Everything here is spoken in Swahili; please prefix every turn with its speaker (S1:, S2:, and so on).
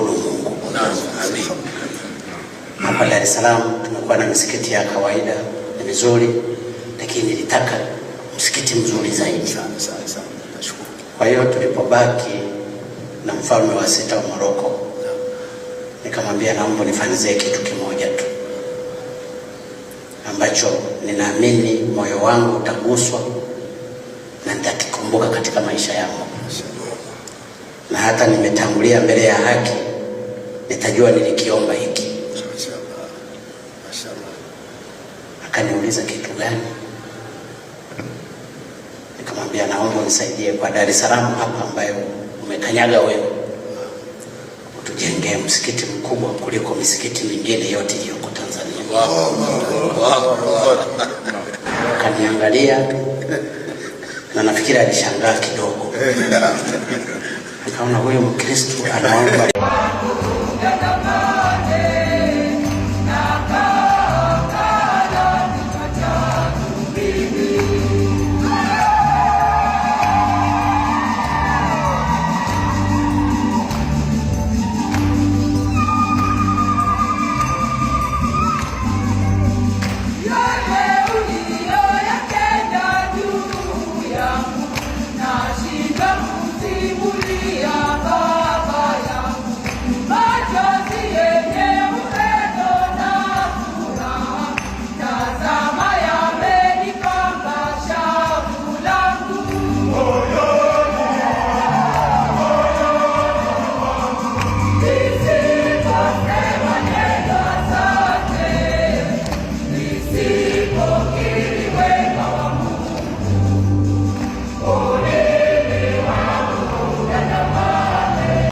S1: kuhudumu huko. Hapa Dar es Salaam tumekuwa na misikiti ya kawaida ni mizuri, lakini nilitaka msikiti mzuri zaidi. Kwa hiyo tulipobaki na mfalme wa sita wa Moroko, nikamwambia naomba nifanyizie kitu kimoja tu ambacho ninaamini moyo wangu utaguswa na nitakikumbuka katika maisha yangu, na hata nimetangulia mbele ya haki nitajua nilikiomba hiki. Akaniuliza kitu gani? Nikamwambia naomba unisaidie kwa Dar es Salaam hapa ambayo umekanyaga wewe, utujengee msikiti mkubwa kuliko misikiti mingine yote iliyoko Tanzania. Akaniangalia na nafikiri alishangaa kidogo, nikaona huyu Mkristo anaomba